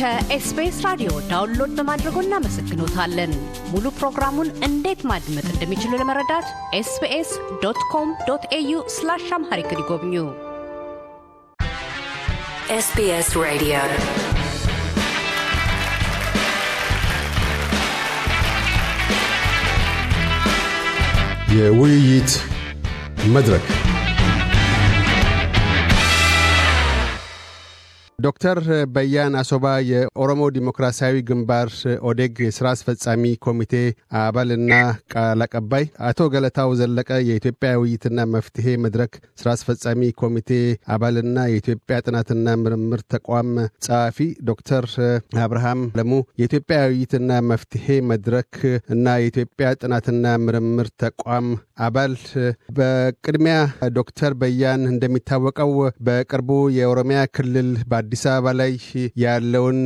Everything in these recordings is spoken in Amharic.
ከኤስቢኤስ ራዲዮ ዳውንሎድ በማድረጎ እናመሰግኖታለን። ሙሉ ፕሮግራሙን እንዴት ማድመጥ እንደሚችሉ ለመረዳት ኤስቢኤስ ዶት ኮም ዶት ኤዩ ስላሽ አምሃሪክ ይጎብኙ። ኤስቢኤስ ራዲዮ የውይይት መድረክ ዶክተር በያን አሶባ የኦሮሞ ዲሞክራሲያዊ ግንባር ኦዴግ የስራ አስፈጻሚ ኮሚቴ አባልና ቃል አቀባይ፣ አቶ ገለታው ዘለቀ የኢትዮጵያ ውይይትና መፍትሄ መድረክ ስራ አስፈጻሚ ኮሚቴ አባልና የኢትዮጵያ ጥናትና ምርምር ተቋም ጸሐፊ፣ ዶክተር አብርሃም ለሙ የኢትዮጵያ ውይይትና መፍትሄ መድረክ እና የኢትዮጵያ ጥናትና ምርምር ተቋም አባል። በቅድሚያ ዶክተር በያን እንደሚታወቀው በቅርቡ የኦሮሚያ ክልል አዲስ አበባ ላይ ያለውን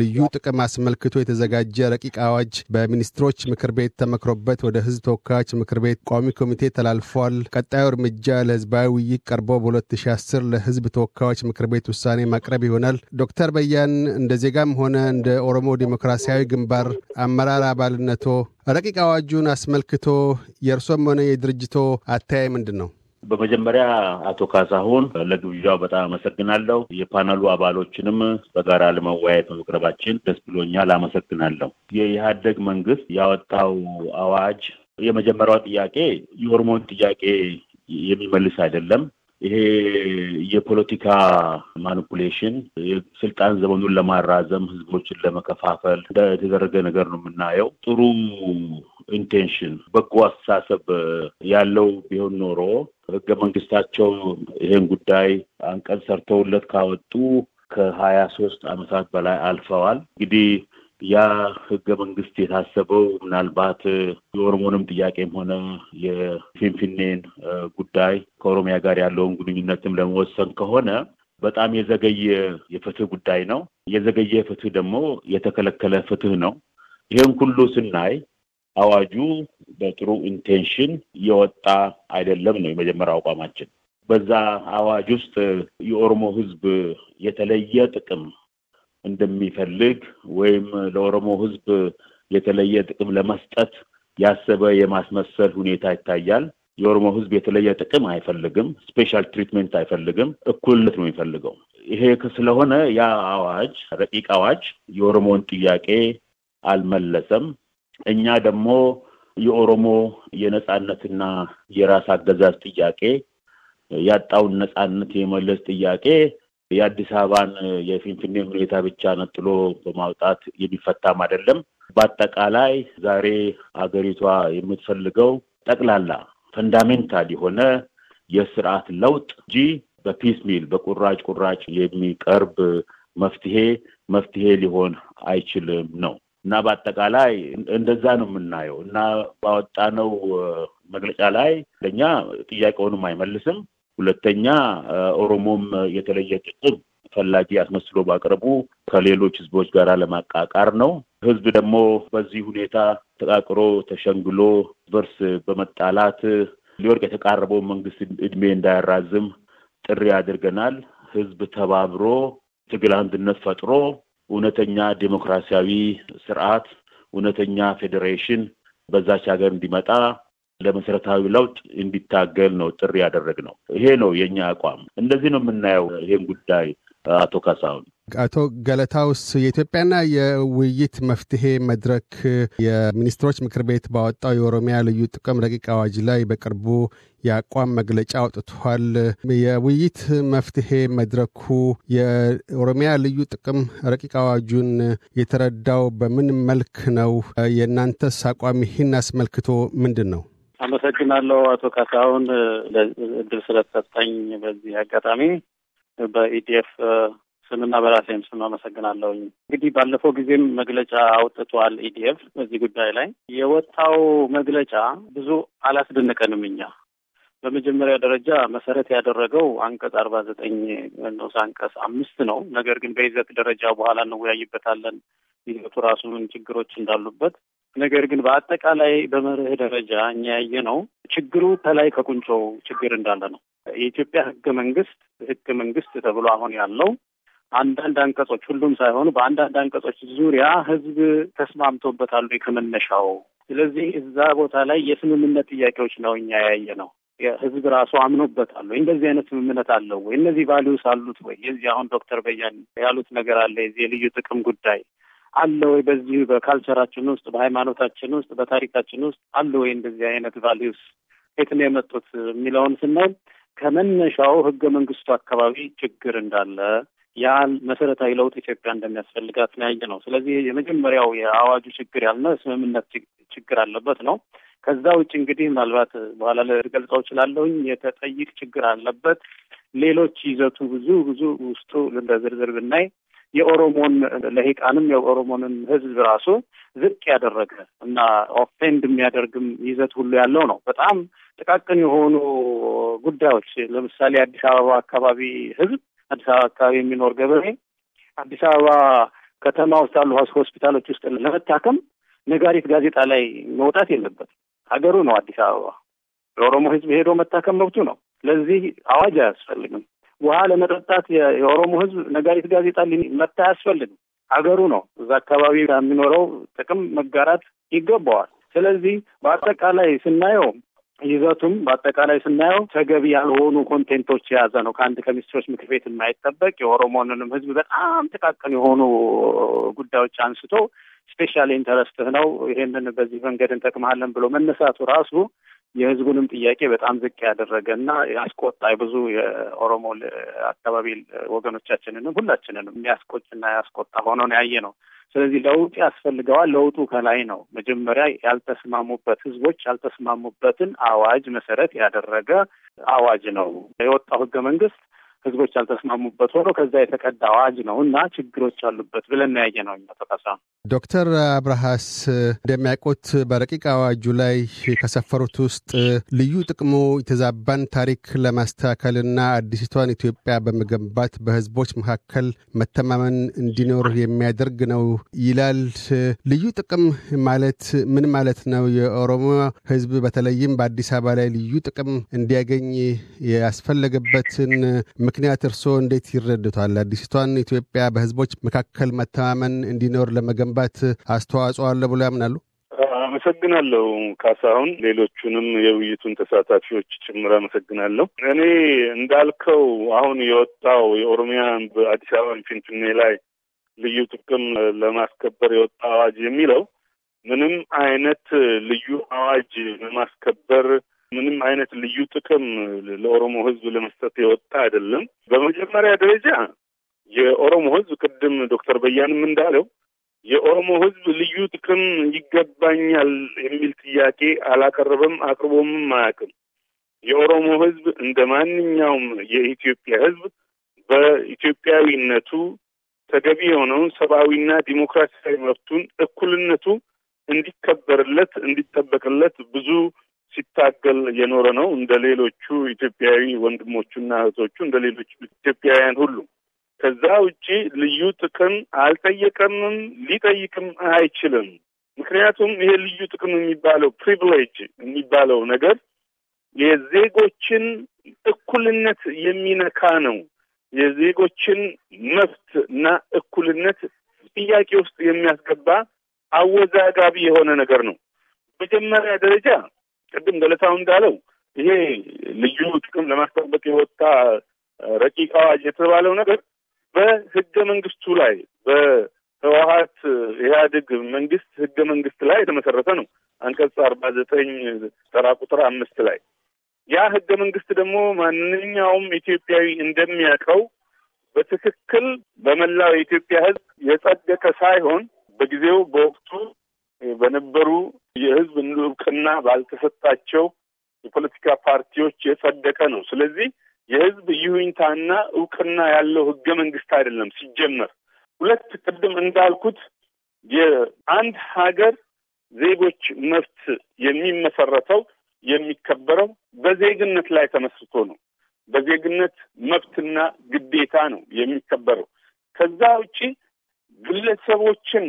ልዩ ጥቅም አስመልክቶ የተዘጋጀ ረቂቅ አዋጅ በሚኒስትሮች ምክር ቤት ተመክሮበት ወደ ህዝብ ተወካዮች ምክር ቤት ቋሚ ኮሚቴ ተላልፏል። ቀጣዩ እርምጃ ለህዝባዊ ውይይት ቀርቦ በ2010 ለህዝብ ተወካዮች ምክር ቤት ውሳኔ ማቅረብ ይሆናል። ዶክተር በያን እንደ ዜጋም ሆነ እንደ ኦሮሞ ዴሞክራሲያዊ ግንባር አመራር አባልነቶ ረቂቅ አዋጁን አስመልክቶ የእርሶም ሆነ የድርጅቶ አተያይ ምንድን ነው? በመጀመሪያ አቶ ካሳሁን ለግብዣው በጣም አመሰግናለሁ። የፓነሉ አባሎችንም በጋራ ለመወያየት መቅረባችን ደስ ብሎኛል፣ አመሰግናለሁ። የኢህአደግ መንግስት ያወጣው አዋጅ የመጀመሪያው ጥያቄ የኦሮሞን ጥያቄ የሚመልስ አይደለም። ይሄ የፖለቲካ ማኒፑሌሽን የስልጣን ዘመኑን ለማራዘም ህዝቦችን ለመከፋፈል የተደረገ ነገር ነው የምናየው። ጥሩ ኢንቴንሽን በጎ አስተሳሰብ ያለው ቢሆን ኖሮ ህገ መንግስታቸው ይህን ጉዳይ አንቀጽ ሰርተውለት ካወጡ ከሀያ ሶስት አመታት በላይ አልፈዋል። እንግዲህ ያ ህገ መንግስት የታሰበው ምናልባት የኦሮሞንም ጥያቄም ሆነ የፊንፊኔን ጉዳይ ከኦሮሚያ ጋር ያለውን ግንኙነትም ለመወሰን ከሆነ በጣም የዘገየ የፍትህ ጉዳይ ነው። የዘገየ ፍትህ ደግሞ የተከለከለ ፍትህ ነው። ይህን ሁሉ ስናይ አዋጁ በጥሩ ኢንቴንሽን የወጣ አይደለም ነው የመጀመሪያው አቋማችን። በዛ አዋጅ ውስጥ የኦሮሞ ሕዝብ የተለየ ጥቅም እንደሚፈልግ ወይም ለኦሮሞ ሕዝብ የተለየ ጥቅም ለመስጠት ያሰበ የማስመሰል ሁኔታ ይታያል። የኦሮሞ ሕዝብ የተለየ ጥቅም አይፈልግም። ስፔሻል ትሪትመንት አይፈልግም። እኩልነት ነው የሚፈልገው። ይሄ ስለሆነ ያ አዋጅ ረቂቅ አዋጅ የኦሮሞን ጥያቄ አልመለሰም። እኛ ደግሞ የኦሮሞ የነጻነትና የራስ አገዛዝ ጥያቄ ያጣውን ነጻነት የመለስ ጥያቄ የአዲስ አበባን የፊንፊኔ ሁኔታ ብቻ ነጥሎ በማውጣት የሚፈታም አይደለም። በአጠቃላይ ዛሬ አገሪቷ የምትፈልገው ጠቅላላ ፈንዳሜንታል የሆነ የስርዓት ለውጥ እንጂ በፒስ ሚል በቁራጭ ቁራጭ የሚቀርብ መፍትሄ መፍትሄ ሊሆን አይችልም ነው። እና በአጠቃላይ እንደዛ ነው የምናየው እና ባወጣነው መግለጫ ላይ አንደኛ ጥያቄውንም አይመልስም፣ ሁለተኛ ኦሮሞም የተለየ ጥቅም ፈላጊ አስመስሎ ባቅረቡ ከሌሎች ህዝቦች ጋር ለማቃቃር ነው። ህዝብ ደግሞ በዚህ ሁኔታ ተቃቅሮ ተሸንግሎ በርስ በመጣላት ሊወርቅ የተቃረበው መንግስት እድሜ እንዳያራዝም ጥሪ አድርገናል። ህዝብ ተባብሮ ትግል አንድነት ፈጥሮ እውነተኛ ዲሞክራሲያዊ ስርዓት፣ እውነተኛ ፌዴሬሽን በዛች ሀገር እንዲመጣ ለመሰረታዊ ለውጥ እንዲታገል ነው ጥሪ ነው። ይሄ ነው የኛ አቋም። እንደዚህ ነው የምናየው ይሄን ጉዳይ አቶ ካሳሁን አቶ ገለታውስ የኢትዮጵያና የውይይት መፍትሄ መድረክ የሚኒስትሮች ምክር ቤት ባወጣው የኦሮሚያ ልዩ ጥቅም ረቂቅ አዋጅ ላይ በቅርቡ የአቋም መግለጫ አውጥቷል። የውይይት መፍትሄ መድረኩ የኦሮሚያ ልዩ ጥቅም ረቂቅ አዋጁን የተረዳው በምን መልክ ነው? የእናንተስ አቋም ይህን አስመልክቶ ምንድን ነው? አመሰግናለሁ አቶ ካሳሁን እድል ስለተሰጠኝ በዚህ አጋጣሚ በኢዲኤፍ ስምና በራሴም ስም አመሰግናለሁ። እንግዲህ ባለፈው ጊዜም መግለጫ አውጥቷል ኢዲኤፍ በዚህ ጉዳይ ላይ የወጣው መግለጫ ብዙ አላስደነቀንም እኛ በመጀመሪያ ደረጃ መሰረት ያደረገው አንቀጽ አርባ ዘጠኝ ንዑስ አንቀጽ አምስት ነው። ነገር ግን በይዘት ደረጃ በኋላ እንወያይበታለን ይዘቱ ራሱ ምን ችግሮች እንዳሉበት። ነገር ግን በአጠቃላይ በመርህ ደረጃ እኛ ያየ ነው ችግሩ ከላይ ከቁንጮው ችግር እንዳለ ነው። የኢትዮጵያ ህገ መንግስት ህገ መንግስት ተብሎ አሁን ያለው አንዳንድ አንቀጾች ሁሉም ሳይሆኑ በአንዳንድ አንቀጾች ዙሪያ ህዝብ ተስማምቶበታል ከመነሻው። ስለዚህ እዛ ቦታ ላይ የስምምነት ጥያቄዎች ነው እኛ ያየ ነው። ህዝብ ራሱ አምኖበታል ወይ? እንደዚህ አይነት ስምምነት አለው ወይ? እነዚህ ቫሊዩስ አሉት ወይ? የዚህ አሁን ዶክተር በያን ያሉት ነገር አለ። የዚህ የልዩ ጥቅም ጉዳይ አለ ወይ? በዚህ በካልቸራችን ውስጥ በሃይማኖታችን ውስጥ በታሪካችን ውስጥ አለ ወይ? እንደዚህ አይነት ቫሊዩስ የት ነው የመጡት የሚለውን ስናይ ከመነሻው ህገ መንግስቱ አካባቢ ችግር እንዳለ ያን መሰረታዊ ለውጥ ኢትዮጵያ እንደሚያስፈልጋት ያየ ነው። ስለዚህ የመጀመሪያው የአዋጁ ችግር ያልነ ስምምነት ችግር አለበት ነው። ከዛ ውጭ እንግዲህ ምናልባት በኋላ ልገልጸው እችላለሁኝ የተጠይቅ ችግር አለበት። ሌሎች ይዘቱ ብዙ ብዙ ውስጡ እንደ ብናይ የኦሮሞን ለሂቃንም የኦሮሞንን ሕዝብ ራሱ ዝቅ ያደረገ እና ኦፌንድ የሚያደርግም ይዘት ሁሉ ያለው ነው። በጣም ጥቃቅን የሆኑ ጉዳዮች ለምሳሌ አዲስ አበባ አካባቢ ሕዝብ አዲስ አበባ አካባቢ የሚኖር ገበሬ አዲስ አበባ ከተማ ውስጥ ያሉ ሆስፒታሎች ውስጥ ለመታከም ነጋሪት ጋዜጣ ላይ መውጣት የለበትም። ሀገሩ ነው አዲስ አበባ። የኦሮሞ ህዝብ ሄዶ መታከም መብቱ ነው። ለዚህ አዋጅ አያስፈልግም። ውሃ ለመጠጣት የኦሮሞ ህዝብ ነጋሪት ጋዜጣ ሊመታ አያስፈልግም። ሀገሩ ነው። እዛ አካባቢ የሚኖረው ጥቅም መጋራት ይገባዋል። ስለዚህ በአጠቃላይ ስናየው ይዘቱም በአጠቃላይ ስናየው ተገቢ ያልሆኑ ኮንቴንቶች የያዘ ነው። ከአንድ ከሚኒስትሮች ምክር ቤት የማይጠበቅ የኦሮሞንንም ህዝብ በጣም ጥቃቅን የሆኑ ጉዳዮች አንስቶ ስፔሻል ኢንተረስትህ ነው ይሄንን በዚህ መንገድ እንጠቅመሃለን ብሎ መነሳቱ ራሱ የህዝቡንም ጥያቄ በጣም ዝቅ ያደረገና ያስቆጣ ብዙ የኦሮሞ አካባቢ ወገኖቻችንንም ሁላችንንም ያስቆጭና ያስቆጣ ሆኖ ነው ያየ ነው። ስለዚህ ለውጥ ያስፈልገዋል። ለውጡ ከላይ ነው። መጀመሪያ ያልተስማሙበት ህዝቦች ያልተስማሙበትን አዋጅ መሰረት ያደረገ አዋጅ ነው የወጣው ህገ መንግስት ህዝቦች ያልተስማሙበት ሆኖ ከዛ የተቀዳ አዋጅ ነው እና ችግሮች አሉበት ብለን ያየ ነው። ተጠሳ ዶክተር አብርሃስ እንደሚያውቁት በረቂቅ አዋጁ ላይ ከሰፈሩት ውስጥ ልዩ ጥቅሙ የተዛባን ታሪክ ለማስተካከልና አዲስቷን ኢትዮጵያ በመገንባት በህዝቦች መካከል መተማመን እንዲኖር የሚያደርግ ነው ይላል። ልዩ ጥቅም ማለት ምን ማለት ነው? የኦሮሞ ህዝብ በተለይም በአዲስ አበባ ላይ ልዩ ጥቅም እንዲያገኝ ያስፈለገበትን ምክንያት እርስዎ እንዴት ይረዱታል? አዲስቷን ኢትዮጵያ በህዝቦች መካከል መተማመን እንዲኖር ለመገንባት አስተዋጽኦ አለ ብሎ ያምናሉ? አመሰግናለሁ ካሳሁን፣ ሌሎቹንም የውይይቱን ተሳታፊዎች ጭምር አመሰግናለሁ። እኔ እንዳልከው አሁን የወጣው የኦሮሚያ በአዲስ አበባ ፊንፊኔ ላይ ልዩ ጥቅም ለማስከበር የወጣ አዋጅ የሚለው ምንም አይነት ልዩ አዋጅ ለማስከበር ምንም አይነት ልዩ ጥቅም ለኦሮሞ ህዝብ ለመስጠት የወጣ አይደለም። በመጀመሪያ ደረጃ የኦሮሞ ህዝብ ቅድም ዶክተር በያንም እንዳለው የኦሮሞ ህዝብ ልዩ ጥቅም ይገባኛል የሚል ጥያቄ አላቀረበም፣ አቅርቦም አያውቅም። የኦሮሞ ህዝብ እንደ ማንኛውም የኢትዮጵያ ህዝብ በኢትዮጵያዊነቱ ተገቢ የሆነውን ሰብአዊና ዲሞክራሲያዊ መብቱን እኩልነቱ እንዲከበርለት እንዲጠበቅለት ብዙ ሲታገል የኖረ ነው እንደ ሌሎቹ ኢትዮጵያዊ ወንድሞቹና እህቶቹ እንደ ሌሎቹ ኢትዮጵያውያን ሁሉ። ከዛ ውጪ ልዩ ጥቅም አልጠየቀምም፣ ሊጠይቅም አይችልም። ምክንያቱም ይሄ ልዩ ጥቅም የሚባለው ፕሪቪሌጅ የሚባለው ነገር የዜጎችን እኩልነት የሚነካ ነው። የዜጎችን መብት እና እኩልነት ጥያቄ ውስጥ የሚያስገባ አወዛጋቢ የሆነ ነገር ነው። መጀመሪያ ደረጃ ቅድም ገለታው እንዳለው ይሄ ልዩ ጥቅም ለማስጠበቅ የወጣ ረቂቅ አዋጅ የተባለው ነገር በህገ መንግስቱ ላይ በህወሀት ኢህአዴግ መንግስት ህገ መንግስት ላይ የተመሰረተ ነው። አንቀጽ አርባ ዘጠኝ ተራ ቁጥር አምስት ላይ ያ ህገ መንግስት ደግሞ ማንኛውም ኢትዮጵያዊ እንደሚያውቀው በትክክል በመላው የኢትዮጵያ ህዝብ የጸደቀ ሳይሆን በጊዜው በወቅቱ በነበሩ የህዝብ እውቅና ባልተሰጣቸው የፖለቲካ ፓርቲዎች የጸደቀ ነው። ስለዚህ የህዝብ ይሁኝታና እውቅና ያለው ህገ መንግስት አይደለም። ሲጀመር ሁለት ቅድም እንዳልኩት የአንድ ሀገር ዜጎች መብት የሚመሰረተው የሚከበረው በዜግነት ላይ ተመስርቶ ነው። በዜግነት መብትና ግዴታ ነው የሚከበረው። ከዛ ውጪ ግለሰቦችን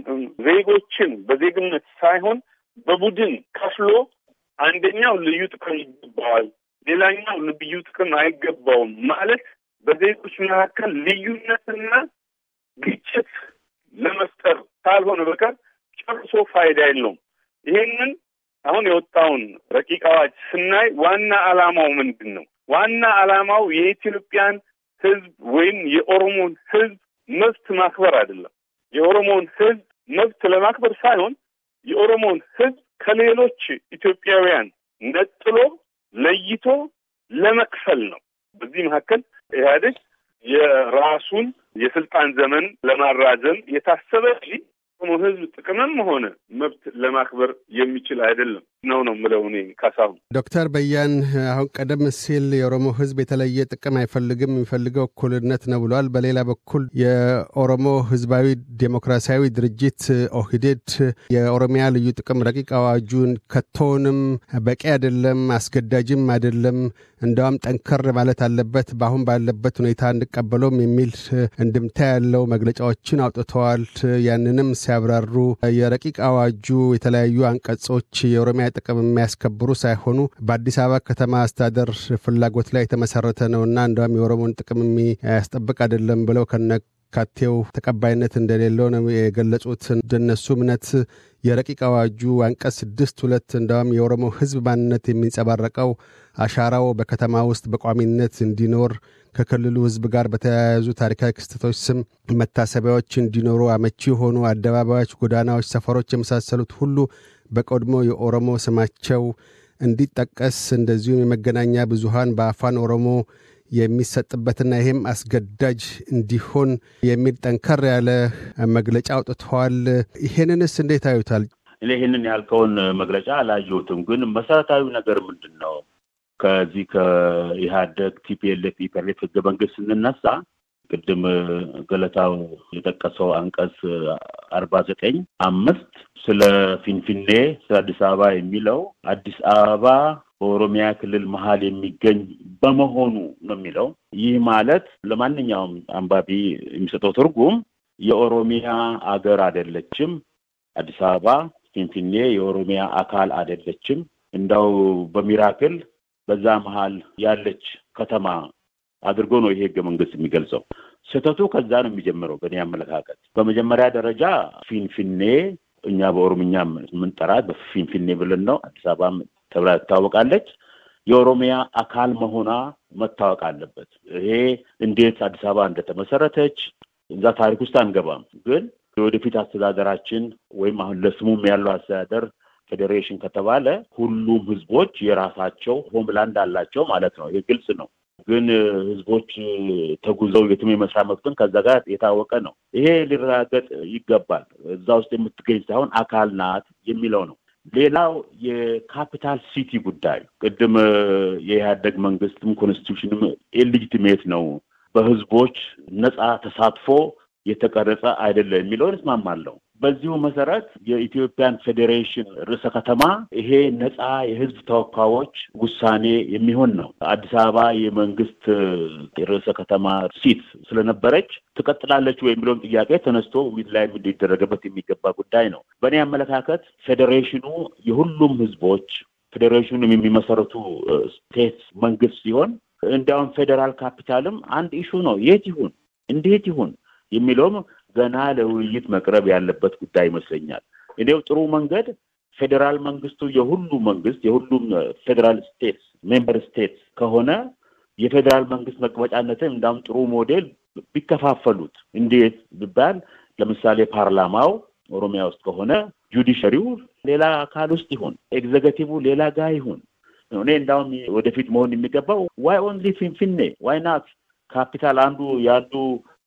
ዜጎችን በዜግነት ሳይሆን በቡድን ከፍሎ አንደኛው ልዩ ጥቅም ይገባዋል፣ ሌላኛው ልዩ ጥቅም አይገባውም ማለት በዜጎች መካከል ልዩነትና ግጭት ለመፍጠር ካልሆነ በቀር ጨርሶ ፋይዳ የለውም። ይሄንን አሁን የወጣውን ረቂቅ አዋጅ ስናይ ዋና ዓላማው ምንድን ነው? ዋና ዓላማው የኢትዮጵያን ሕዝብ ወይም የኦሮሞን ሕዝብ መብት ማክበር አይደለም። የኦሮሞን ሕዝብ መብት ለማክበር ሳይሆን የኦሮሞን ህዝብ ከሌሎች ኢትዮጵያውያን ነጥሎ ለይቶ ለመክፈል ነው። በዚህ መካከል ኢህአዴግ የራሱን የስልጣን ዘመን ለማራዘም የታሰበ ኦሮሞ ሕዝብ ጥቅምም ሆነ መብት ለማክበር የሚችል አይደለም። ነው ነው ምለው እኔ ካሳሁን። ዶክተር በያን አሁን ቀደም ሲል የኦሮሞ ህዝብ የተለየ ጥቅም አይፈልግም የሚፈልገው እኩልነት ነው ብሏል። በሌላ በኩል የኦሮሞ ህዝባዊ ዴሞክራሲያዊ ድርጅት ኦህዴድ የኦሮሚያ ልዩ ጥቅም ረቂቅ አዋጁን ከቶውንም በቂ አይደለም፣ አስገዳጅም አይደለም፣ እንደውም ጠንከር ማለት አለበት፣ በአሁን ባለበት ሁኔታ እንቀበለውም የሚል እንድምታ ያለው መግለጫዎችን አውጥተዋል። ያንንም ሲያብራሩ የረቂቅ አዋጁ የተለያዩ አንቀጾች የኦሮሚያ ጥቅም የሚያስከብሩ ሳይሆኑ በአዲስ አበባ ከተማ አስተዳደር ፍላጎት ላይ የተመሰረተ እና እንደም የኦሮሞን ጥቅም የሚያስጠብቅ አይደለም ብለው ከነ ካቴው ተቀባይነት እንደሌለው ነው የገለጹት። እንደነሱ እምነት የረቂቅ አዋጁ አንቀጽ ስድስት ሁለት እንደውም የኦሮሞ ሕዝብ ማንነት የሚንጸባረቀው አሻራው በከተማ ውስጥ በቋሚነት እንዲኖር ከክልሉ ሕዝብ ጋር በተያያዙ ታሪካዊ ክስተቶች ስም መታሰቢያዎች እንዲኖሩ አመቺ የሆኑ አደባባዮች፣ ጎዳናዎች፣ ሰፈሮች የመሳሰሉት ሁሉ በቀድሞ የኦሮሞ ስማቸው እንዲጠቀስ እንደዚሁም የመገናኛ ብዙሃን በአፋን ኦሮሞ የሚሰጥበትና ይህም አስገዳጅ እንዲሆን የሚል ጠንከር ያለ መግለጫ አውጥተዋል። ይሄንንስ እንዴት አዩታል? እኔ ይህንን ያልከውን መግለጫ አላየሁትም፣ ግን መሰረታዊ ነገር ምንድን ነው? ከዚህ ከኢህአደግ ቲፒኤልኤፍ ኢፐርሌፍ ህገ መንግስት ስንነሳ ቅድም ገለታው የጠቀሰው አንቀጽ አርባ ዘጠኝ አምስት ስለ ፊንፊኔ ስለ አዲስ አበባ የሚለው አዲስ አበባ በኦሮሚያ ክልል መሀል የሚገኝ በመሆኑ ነው የሚለው። ይህ ማለት ለማንኛውም አንባቢ የሚሰጠው ትርጉም የኦሮሚያ አገር አይደለችም አዲስ አበባ፣ ፊንፊኔ የኦሮሚያ አካል አይደለችም፣ እንዳው በሚራክል በዛ መሀል ያለች ከተማ አድርጎ ነው ይሄ ህገ መንግስት የሚገልጸው። ስህተቱ ከዛ ነው የሚጀምረው። በእኔ አመለካከት በመጀመሪያ ደረጃ ፊንፊኔ እኛ በኦሮምኛ የምንጠራት በፊንፊኔ ብለን ነው። አዲስ አበባ ተብላ ትታወቃለች። የኦሮሚያ አካል መሆኗ መታወቅ አለበት። ይሄ እንዴት አዲስ አበባ እንደተመሰረተች እዛ ታሪክ ውስጥ አንገባም። ግን የወደፊት አስተዳደራችን ወይም አሁን ለስሙም ያለው አስተዳደር ፌዴሬሽን ከተባለ ሁሉም ህዝቦች የራሳቸው ሆምላንድ አላቸው ማለት ነው። ይሄ ግልጽ ነው። ግን ህዝቦች ተጉዘው የትም የመስራ መብትን ከዛ ጋር የታወቀ ነው። ይሄ ሊረጋገጥ ይገባል። እዛ ውስጥ የምትገኝ ሳይሆን አካል ናት የሚለው ነው። ሌላው የካፒታል ሲቲ ጉዳይ ቅድም የኢህአደግ መንግስትም ኮንስቲቱሽንም ኢሌጂቲሜት ነው፣ በህዝቦች ነፃ ተሳትፎ የተቀረጸ አይደለም የሚለውን እስማማለሁ። በዚሁ መሰረት የኢትዮጵያን ፌዴሬሽን ርዕሰ ከተማ ይሄ ነፃ የህዝብ ተወካዮች ውሳኔ የሚሆን ነው። አዲስ አበባ የመንግስት ርዕሰ ከተማ ሲት ስለነበረች ትቀጥላለች ወይ የሚለውም ጥያቄ ተነስቶ ውይይት ላይ ሊደረገበት የሚገባ ጉዳይ ነው። በእኔ አመለካከት ፌዴሬሽኑ የሁሉም ህዝቦች ፌዴሬሽኑ የሚመሰረቱ ስቴት መንግስት ሲሆን እንዲያውም ፌዴራል ካፒታልም አንድ ኢሹ ነው። የት ይሁን እንዴት ይሁን የሚለውም ገና ለውይይት መቅረብ ያለበት ጉዳይ ይመስለኛል። እኔው ጥሩ መንገድ ፌዴራል መንግስቱ የሁሉ መንግስት የሁሉም ፌዴራል ስቴትስ ሜምበር ስቴትስ ከሆነ የፌዴራል መንግስት መቀመጫነትን እንዳም ጥሩ ሞዴል ቢከፋፈሉት እንዴት ቢባል ለምሳሌ ፓርላማው ኦሮሚያ ውስጥ ከሆነ ጁዲሽሪው ሌላ አካል ውስጥ ይሁን፣ ኤግዘኪቲቭ ሌላ ጋ ይሁን። እኔ እንዳውም ወደፊት መሆን የሚገባው ዋይ ኦንሊ ፊንፊኔ ዋይ ናት ካፒታል አንዱ የአንዱ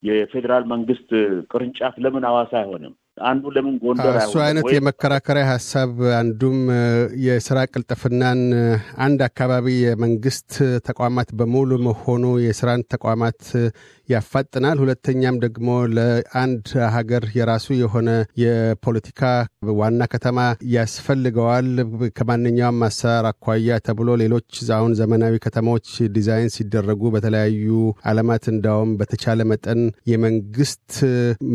የፌዴራል መንግስት ቅርንጫፍ ለምን አዋሳ አይሆንም? አንዱ ለምን ጎንደር እሱ አይነት የመከራከሪያ ሀሳብ አንዱም የስራ ቅልጥፍናን አንድ አካባቢ የመንግስት ተቋማት በሙሉ መሆኑ የስራን ተቋማት ያፋጥናል። ሁለተኛም ደግሞ ለአንድ ሀገር የራሱ የሆነ የፖለቲካ ዋና ከተማ ያስፈልገዋል ከማንኛውም አሰራር አኳያ ተብሎ ሌሎች አሁን ዘመናዊ ከተማዎች ዲዛይን ሲደረጉ በተለያዩ ዓለማት እንዳውም በተቻለ መጠን የመንግስት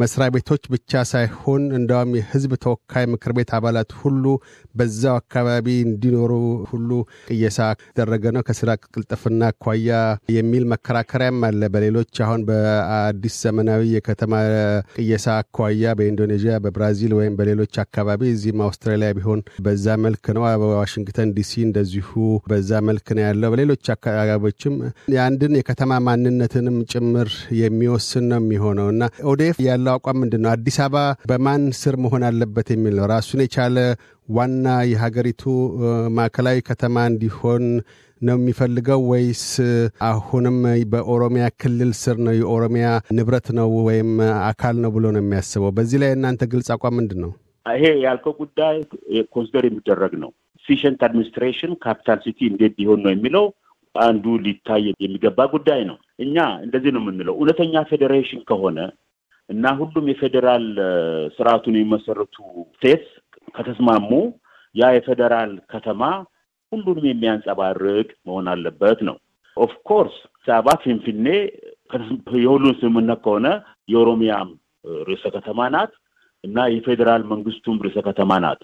መስሪያ ቤቶች ብቻ ሳይሆን እንዳውም የህዝብ ተወካይ ምክር ቤት አባላት ሁሉ በዛው አካባቢ እንዲኖሩ ሁሉ ቅየሳ ደረገ ነው ከስራ ቅልጥፍና አኳያ የሚል መከራከሪያም አለ። በሌሎች አሁን አሁን በአዲስ ዘመናዊ የከተማ ቅየሳ አኳያ በኢንዶኔዥያ፣ በብራዚል ወይም በሌሎች አካባቢ እዚህም አውስትራሊያ ቢሆን በዛ መልክ ነው። በዋሽንግተን ዲሲ እንደዚሁ በዛ መልክ ነው ያለው። በሌሎች አካባቢዎችም የአንድን የከተማ ማንነትንም ጭምር የሚወስን ነው የሚሆነው እና ኦዴፍ ያለው አቋም ምንድን ነው? አዲስ አበባ በማን ስር መሆን አለበት የሚል ነው። ራሱን የቻለ ዋና የሀገሪቱ ማዕከላዊ ከተማ እንዲሆን ነው የሚፈልገው ወይስ አሁንም በኦሮሚያ ክልል ስር ነው የኦሮሚያ ንብረት ነው ወይም አካል ነው ብሎ ነው የሚያስበው? በዚህ ላይ እናንተ ግልጽ አቋም ምንድን ነው? ይሄ ያልከው ጉዳይ ኮንሲደር የሚደረግ ነው። ኢፊሽንት አድሚኒስትሬሽን ካፒታል ሲቲ እንዴት ቢሆን ነው የሚለው አንዱ ሊታይ የሚገባ ጉዳይ ነው። እኛ እንደዚህ ነው የምንለው። እውነተኛ ፌዴሬሽን ከሆነ እና ሁሉም የፌዴራል ስርዓቱን የመሰረቱ ስቴትስ ከተስማሙ ያ የፌዴራል ከተማ ሁሉንም የሚያንጸባርቅ መሆን አለበት ነው። ኦፍኮርስ ሰባ ፊንፊኔ የሁሉን ስምምነት ከሆነ የኦሮሚያም ርዕሰ ከተማ ናት እና የፌዴራል መንግስቱም ርዕሰ ከተማ ናት።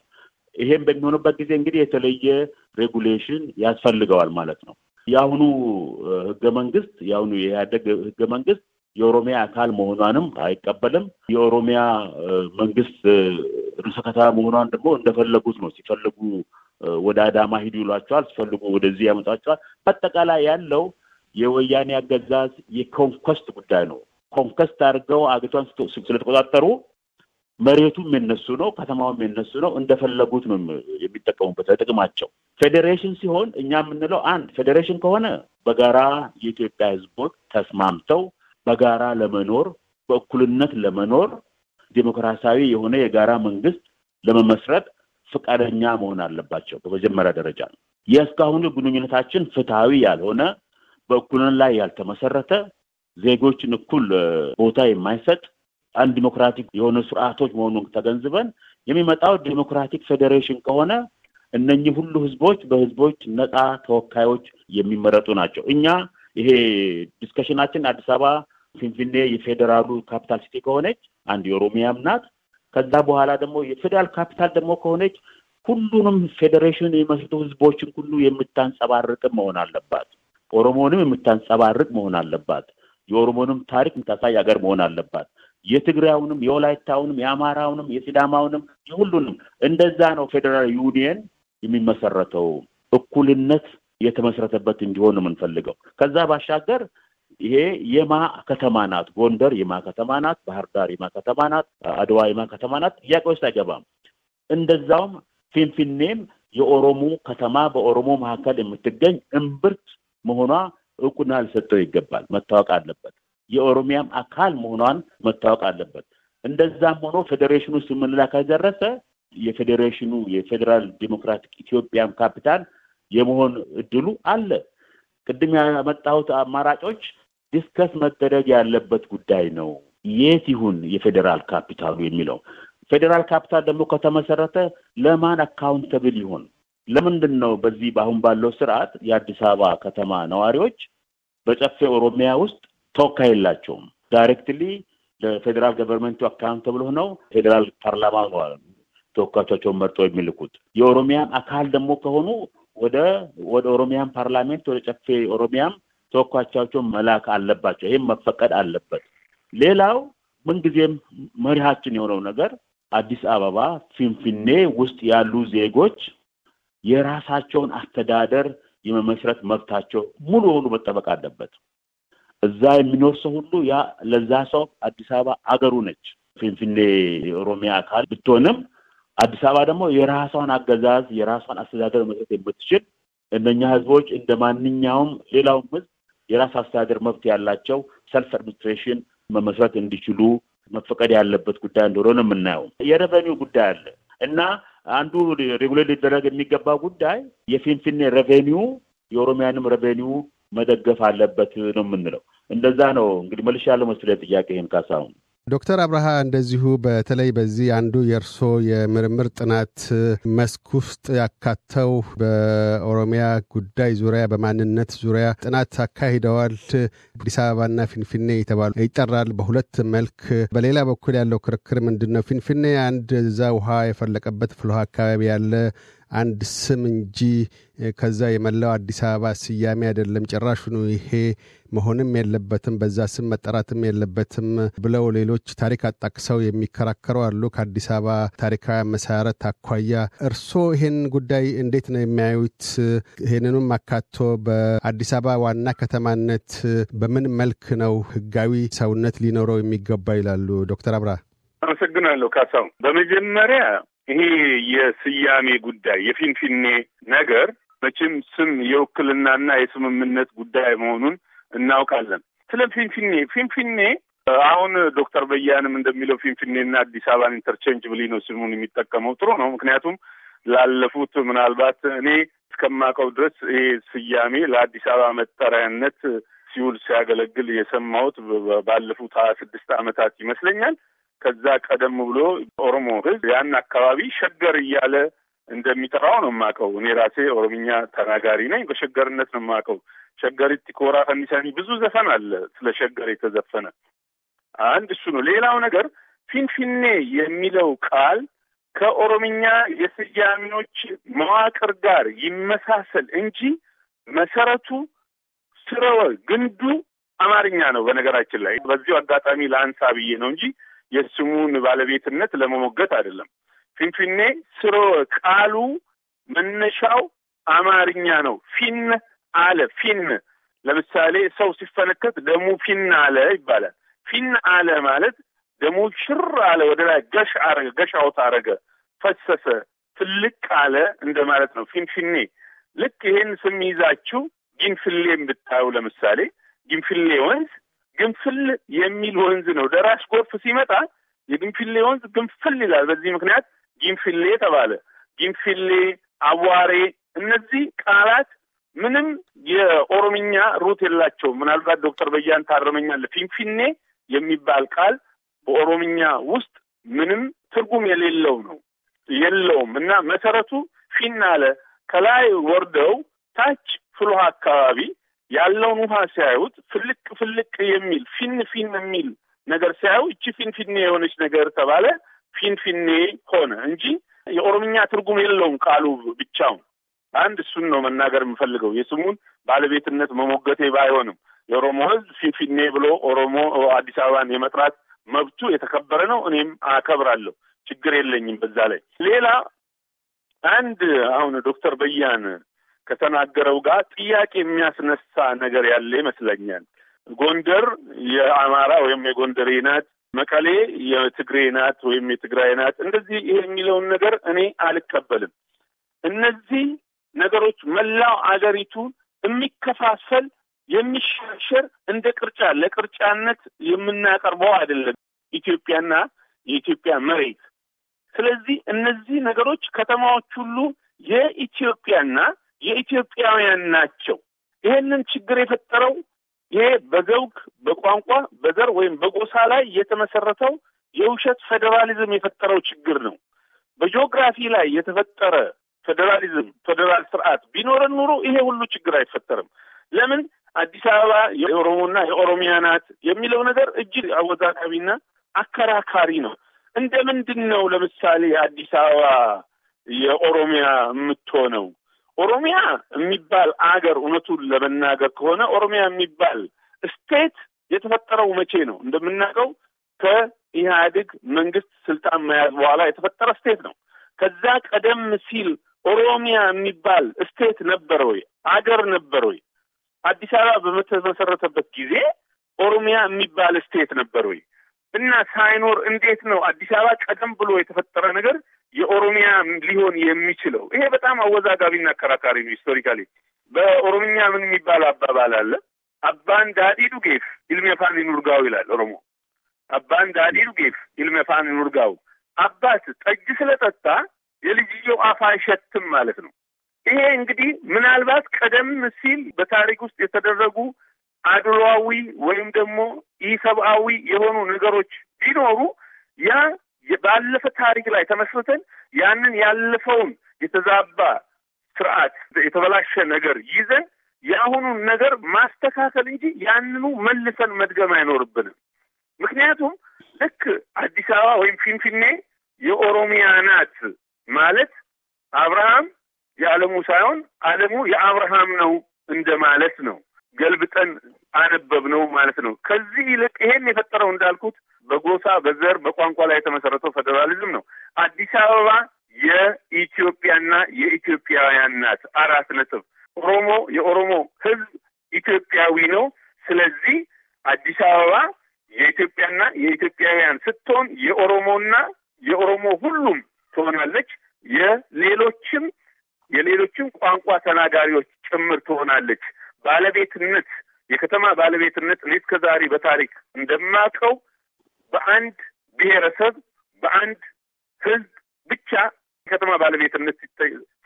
ይሄም በሚሆንበት ጊዜ እንግዲህ የተለየ ሬጉሌሽን ያስፈልገዋል ማለት ነው። የአሁኑ ህገ መንግስት የአሁኑ የኢህአደግ ህገ መንግስት የኦሮሚያ አካል መሆኗንም አይቀበልም። የኦሮሚያ መንግስት ርዕሰ ከተማ መሆኗን ደግሞ እንደፈለጉት ነው ሲፈልጉ ወደ አዳማ ሂዱ ይሏቸዋል፣ ሲፈልጉ ወደዚህ ያመጧቸዋል። በአጠቃላይ ያለው የወያኔ አገዛዝ የኮንኮስት ጉዳይ ነው። ኮንኮስት አድርገው አገቷን ስለተቆጣጠሩ መሬቱም የነሱ ነው፣ ከተማውም የነሱ ነው። እንደፈለጉት ነው የሚጠቀሙበት ለጥቅማቸው። ፌዴሬሽን ሲሆን እኛ የምንለው አንድ ፌዴሬሽን ከሆነ በጋራ የኢትዮጵያ ሕዝቦች ተስማምተው በጋራ ለመኖር በእኩልነት ለመኖር ዴሞክራሲያዊ የሆነ የጋራ መንግስት ለመመስረት ፈቃደኛ መሆን አለባቸው። በመጀመሪያ ደረጃ የእስካሁኑ ግንኙነታችን ፍትሐዊ ያልሆነ፣ በእኩልን ላይ ያልተመሰረተ፣ ዜጎችን እኩል ቦታ የማይሰጥ አንድ ዲሞክራቲክ የሆነ ስርዓቶች መሆኑን ተገንዝበን የሚመጣው ዲሞክራቲክ ፌዴሬሽን ከሆነ እነኚህ ሁሉ ህዝቦች በህዝቦች ነፃ ተወካዮች የሚመረጡ ናቸው። እኛ ይሄ ዲስከሽናችን አዲስ አበባ ፊንፊኔ የፌዴራሉ ካፒታል ሲቲ ከሆነች አንድ የኦሮሚያም ናት ከዛ በኋላ ደግሞ የፌዴራል ካፒታል ደግሞ ከሆነች ሁሉንም ፌዴሬሽን የመስሉ ህዝቦችን ሁሉ የምታንጸባርቅ መሆን አለባት። ኦሮሞንም የምታንጸባርቅ መሆን አለባት። የኦሮሞንም ታሪክ የምታሳይ ሀገር መሆን አለባት። የትግራዩንም፣ የወላይታውንም፣ የአማራውንም፣ የሲዳማውንም የሁሉንም እንደዛ ነው ፌዴራል ዩኒየን የሚመሰረተው እኩልነት የተመሰረተበት እንዲሆን የምንፈልገው። ከዛ ባሻገር ይሄ የማ ከተማ ናት፣ ጎንደር የማ ከተማ ናት፣ ባህር ዳር የማ ከተማ ናት፣ አድዋ የማ ከተማ ናት፣ ጥያቄ ውስጥ አይገባም። እንደዛውም ፊንፊኔም የኦሮሞ ከተማ በኦሮሞ መካከል የምትገኝ እምብርት መሆኗ እውቅና ሊሰጠው ይገባል፣ መታወቅ አለበት። የኦሮሚያም አካል መሆኗን መታወቅ አለበት። እንደዛም ሆኖ ፌዴሬሽኑ ስምምላ ከደረሰ የፌዴሬሽኑ የፌዴራል ዲሞክራቲክ ኢትዮጵያም ካፒታል የመሆን እድሉ አለ። ቅድም ያመጣሁት አማራጮች ዲስከስ መደረግ ያለበት ጉዳይ ነው። የት ይሁን የፌዴራል ካፒታሉ የሚለው ፌዴራል ካፒታል ደግሞ ከተመሰረተ ለማን አካውንተብል ይሆን? ለምንድን ነው በዚህ በአሁን ባለው ስርዓት የአዲስ አበባ ከተማ ነዋሪዎች በጨፌ ኦሮሚያ ውስጥ ተወካይ የላቸውም? ዳይሬክትሊ ለፌዴራል ገቨርንመንቱ አካውንተብል ሆነው ፌዴራል ፓርላማ ተወካዮቻቸውን መርጦ የሚልኩት የኦሮሚያም አካል ደግሞ ከሆኑ ወደ ወደ ኦሮሚያን ፓርላሜንት ወደ ጨፌ ኦሮሚያም ተወኳቻቸውን መላክ አለባቸው። ይህም መፈቀድ አለበት። ሌላው ምንጊዜም መሪሃችን የሆነው ነገር አዲስ አበባ ፊንፊኔ ውስጥ ያሉ ዜጎች የራሳቸውን አስተዳደር የመመስረት መብታቸው ሙሉ በሙሉ መጠበቅ አለበት። እዛ የሚኖር ሰው ሁሉ ያ ለዛ ሰው አዲስ አበባ አገሩ ነች። ፊንፊኔ የኦሮሚያ አካል ብትሆንም አዲስ አበባ ደግሞ የራሷን አገዛዝ የራሷን አስተዳደር መመስረት የምትችል እነኛ ህዝቦች እንደ ማንኛውም ሌላውም ህዝብ የራስ አስተዳደር መብት ያላቸው ሰልፍ አድሚኒስትሬሽን መመስረት እንዲችሉ መፈቀድ ያለበት ጉዳይ እንደሆነ ነው የምናየው። የረቨኒው ጉዳይ አለ እና አንዱ ሬጉሌት ሊደረግ የሚገባ ጉዳይ የፊንፊኔ ረቬኒው የኦሮሚያንም ረቬኒው መደገፍ አለበት ነው የምንለው። እንደዛ ነው እንግዲህ መልሻ ለመስለ ጥያቄ ይህን ካሳሁን ዶክተር አብርሃ እንደዚሁ በተለይ በዚህ አንዱ የእርሶ የምርምር ጥናት መስክ ውስጥ ያካተው በኦሮሚያ ጉዳይ ዙሪያ በማንነት ዙሪያ ጥናት አካሂደዋል። አዲስ አበባና ፊንፊኔ የተባሉ ይጠራል በሁለት መልክ። በሌላ በኩል ያለው ክርክር ምንድን ነው? ፊንፊኔ አንድ እዛ ውሃ የፈለቀበት ፍልውሃ አካባቢ ያለ አንድ ስም እንጂ ከዛ የመላው አዲስ አበባ ስያሜ አይደለም። ጭራሹኑ ይሄ መሆንም የለበትም፣ በዛ ስም መጠራትም የለበትም ብለው ሌሎች ታሪክ አጣቅሰው የሚከራከሩ አሉ። ከአዲስ አበባ ታሪካዊ መሰረት አኳያ እርስዎ ይህን ጉዳይ እንዴት ነው የሚያዩት? ይህንኑም አካቶ በአዲስ አበባ ዋና ከተማነት በምን መልክ ነው ህጋዊ ሰውነት ሊኖረው የሚገባ ይላሉ ዶክተር አብርሃ? አመሰግናለሁ ካሳው። በመጀመሪያ ይሄ የስያሜ ጉዳይ የፊንፊኔ ነገር መቼም ስም የውክልናና የስምምነት ጉዳይ መሆኑን እናውቃለን። ስለ ፊንፊኔ ፊንፊኔ አሁን ዶክተር በያንም እንደሚለው ፊንፊኔና አዲስ አበባን ብሊ ነው ስሙን የሚጠቀመው። ጥሩ ነው። ምክንያቱም ላለፉት ምናልባት እኔ እስከማውቀው ድረስ ይሄ ስያሜ ለአዲስ አበባ መጠሪያነት ሲውል ሲያገለግል የሰማሁት ባለፉት ሀያ ስድስት ዓመታት ይመስለኛል። ከዛ ቀደም ብሎ ኦሮሞ ህዝብ ያን አካባቢ ሸገር እያለ እንደሚጠራው ነው የማውቀው። እኔ ራሴ ኦሮምኛ ተናጋሪ ነኝ። በሸገርነት ነው የማውቀው። ሸገሪት ኮራ ፈኒሳኒ ብዙ ዘፈን አለ ስለ ሸገር የተዘፈነ። አንድ እሱ ነው። ሌላው ነገር ፊንፊኔ የሚለው ቃል ከኦሮምኛ የስያሜዎች መዋቅር ጋር ይመሳሰል እንጂ መሰረቱ ስረወ ግንዱ አማርኛ ነው። በነገራችን ላይ በዚሁ አጋጣሚ ለአንሳ ብዬ ነው እንጂ የስሙን ባለቤትነት ለመሞገት አይደለም። ፊንፊኔ ስሮ ቃሉ መነሻው አማርኛ ነው። ፊን አለ ፊን ለምሳሌ ሰው ሲፈነከት ደሙ ፊን አለ ይባላል። ፊን አለ ማለት ደሙ ሽር አለ ወደ ላይ ገሽ አረገ፣ ገሻውት አረገ፣ ፈሰሰ፣ ትልቅ አለ እንደማለት ነው። ፊንፊኔ ልክ ይሄን ስም ይዛችሁ ጊንፍሌ ብታዩ ለምሳሌ ጊንፍሌ ወንዝ ግንፍል የሚል ወንዝ ነው። ደራሽ ጎርፍ ሲመጣ የግንፍሌ ወንዝ ግንፍል ይላል። በዚህ ምክንያት ጊንፍሌ ተባለ። ጊንፍሌ፣ አዋሬ እነዚህ ቃላት ምንም የኦሮምኛ ሩት የላቸውም። ምናልባት ዶክተር በያን ታረመኛለ ፊንፊኔ የሚባል ቃል በኦሮምኛ ውስጥ ምንም ትርጉም የሌለው ነው የለውም እና መሰረቱ አለ ከላይ ወርደው ታች ፍሉሃ አካባቢ ያለውን ውሃ ሲያዩት ፍልቅ ፍልቅ የሚል ፊን ፊን የሚል ነገር ሲያዩ እቺ ፊንፊኔ የሆነች ነገር ተባለ፣ ፊንፊኔ ሆነ እንጂ የኦሮምኛ ትርጉም የለውም ቃሉ ብቻውን። አንድ እሱን ነው መናገር የምፈልገው የስሙን ባለቤትነት መሞገቴ ባይሆንም የኦሮሞ ሕዝብ ፊንፊኔ ብሎ ኦሮሞ አዲስ አበባን የመጥራት መብቱ የተከበረ ነው። እኔም አከብራለሁ፣ ችግር የለኝም በዛ ላይ። ሌላ አንድ አሁን ዶክተር በያን ከተናገረው ጋር ጥያቄ የሚያስነሳ ነገር ያለ ይመስለኛል። ጎንደር የአማራ ወይም የጎንደሬ ናት፣ መቀሌ የትግሬ ናት ወይም የትግራይ ናት። እንደዚህ ይሄ የሚለውን ነገር እኔ አልቀበልም። እነዚህ ነገሮች መላው አገሪቱ የሚከፋፈል የሚሸርሸር እንደ ቅርጫ ለቅርጫነት የምናቀርበው አይደለም ኢትዮጵያና የኢትዮጵያ መሬት። ስለዚህ እነዚህ ነገሮች ከተማዎች ሁሉ የኢትዮጵያና የኢትዮጵያውያን ናቸው። ይህንን ችግር የፈጠረው ይሄ በዘውግ በቋንቋ በዘር ወይም በጎሳ ላይ የተመሰረተው የውሸት ፌዴራሊዝም የፈጠረው ችግር ነው። በጂኦግራፊ ላይ የተፈጠረ ፌዴራሊዝም ፌዴራል ስርዓት ቢኖረን ኑሮ ይሄ ሁሉ ችግር አይፈጠርም። ለምን አዲስ አበባ የኦሮሞና የኦሮሚያ ናት የሚለው ነገር እጅግ አወዛጋቢና አከራካሪ ነው። እንደምንድን ነው ለምሳሌ አዲስ አበባ የኦሮሚያ የምትሆነው ኦሮሚያ የሚባል አገር እውነቱን ለመናገር ከሆነ ኦሮሚያ የሚባል ስቴት የተፈጠረው መቼ ነው? እንደምናውቀው ከኢህአዴግ መንግስት ስልጣን መያዝ በኋላ የተፈጠረ ስቴት ነው። ከዛ ቀደም ሲል ኦሮሚያ የሚባል ስቴት ነበረ ወይ? አገር ነበረ ወይ? አዲስ አበባ በመተመሰረተበት ጊዜ ኦሮሚያ የሚባል ስቴት ነበር ወይ? እና ሳይኖር እንዴት ነው አዲስ አበባ ቀደም ብሎ የተፈጠረ ነገር የኦሮሚያ ሊሆን የሚችለው? ይሄ በጣም አወዛጋቢና አከራካሪ ነው። ሂስቶሪካሊ በኦሮምኛ ምን የሚባል አባባል አለ? አባን ዳዲ ዱጌፍ ኢልሜፋን ኑርጋው ይላል ኦሮሞ። አባን ዳዲ ዱጌፍ ኢልሜፋን ኑርጋው፣ አባት ጠጅ ስለጠጣ የልጅየው አፍ አይሸትም ማለት ነው። ይሄ እንግዲህ ምናልባት ቀደም ሲል በታሪክ ውስጥ የተደረጉ አድሏዊ ወይም ደግሞ ኢሰብአዊ የሆኑ ነገሮች ቢኖሩ ያ ባለፈ ታሪክ ላይ ተመስርተን ያንን ያለፈውን የተዛባ ስርዓት የተበላሸ ነገር ይዘን የአሁኑን ነገር ማስተካከል እንጂ ያንኑ መልሰን መድገም አይኖርብንም። ምክንያቱም ልክ አዲስ አበባ ወይም ፊንፊኔ የኦሮሚያ ናት ማለት አብርሃም የዓለሙ ሳይሆን ዓለሙ የአብርሃም ነው እንደማለት ነው። ገልብጠን አነበብነው ማለት ነው። ከዚህ ይልቅ ይሄን የፈጠረው እንዳልኩት በጎሳ በዘር በቋንቋ ላይ የተመሰረተው ፌዴራሊዝም ነው። አዲስ አበባ የኢትዮጵያና የኢትዮጵያውያን ናት። አራት ነጥብ። ኦሮሞ የኦሮሞ ህዝብ ኢትዮጵያዊ ነው። ስለዚህ አዲስ አበባ የኢትዮጵያና የኢትዮጵያውያን ስትሆን የኦሮሞና የኦሮሞ ሁሉም ትሆናለች። የሌሎችም የሌሎችም ቋንቋ ተናጋሪዎች ጭምር ትሆናለች። ባለቤትነት የከተማ ባለቤትነት እኔ እስከ ዛሬ በታሪክ እንደማውቀው በአንድ ብሔረሰብ በአንድ ህዝብ ብቻ የከተማ ባለቤትነት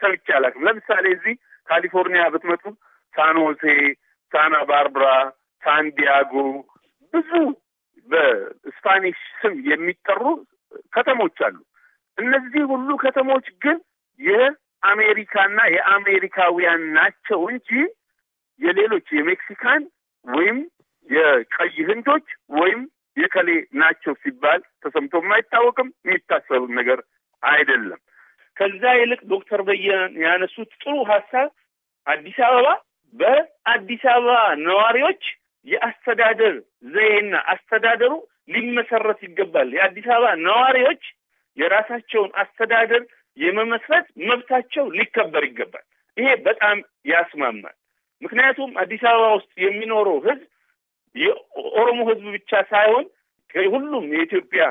ሰምቼ አላውቅም። ለምሳሌ እዚህ ካሊፎርኒያ ብትመጡ ሳንሆሴ፣ ሳና ባርብራ፣ ሳንዲያጎ ብዙ በስፓኒሽ ስም የሚጠሩ ከተሞች አሉ። እነዚህ ሁሉ ከተሞች ግን የአሜሪካና የአሜሪካውያን ናቸው እንጂ የሌሎች የሜክሲካን ወይም የቀይ ህንዶች ወይም የከሌ ናቸው ሲባል ተሰምቶም አይታወቅም። የሚታሰብ ነገር አይደለም። ከዛ ይልቅ ዶክተር በየነ ያነሱት ጥሩ ሀሳብ አዲስ አበባ በአዲስ አበባ ነዋሪዎች የአስተዳደር ዘዬና አስተዳደሩ ሊመሰረት ይገባል። የአዲስ አበባ ነዋሪዎች የራሳቸውን አስተዳደር የመመስረት መብታቸው ሊከበር ይገባል። ይሄ በጣም ያስማማል። ምክንያቱም አዲስ አበባ ውስጥ የሚኖረው ህዝብ የኦሮሞ ህዝብ ብቻ ሳይሆን ከሁሉም የኢትዮጵያ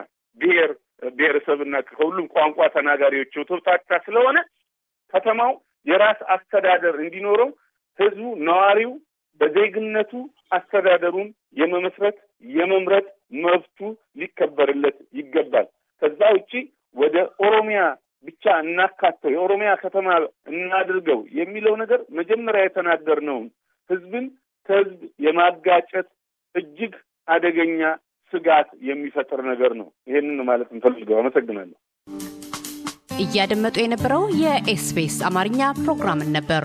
ብሔር ብሔረሰብና ከሁሉም ቋንቋ ተናጋሪዎች የተውጣጣ ስለሆነ ከተማው የራስ አስተዳደር እንዲኖረው ህዝቡ፣ ነዋሪው በዜግነቱ አስተዳደሩን የመመስረት የመምረጥ መብቱ ሊከበርለት ይገባል። ከዛ ውጪ ወደ ኦሮሚያ ብቻ እናካተው፣ የኦሮሚያ ከተማ እናድርገው የሚለው ነገር መጀመሪያ የተናገርነውን ህዝብን ከህዝብ የማጋጨት እጅግ አደገኛ ስጋት የሚፈጥር ነገር ነው። ይህንን ማለት እንፈልገው። አመሰግናለሁ። እያደመጡ የነበረው የኤስቢኤስ አማርኛ ፕሮግራምን ነበር።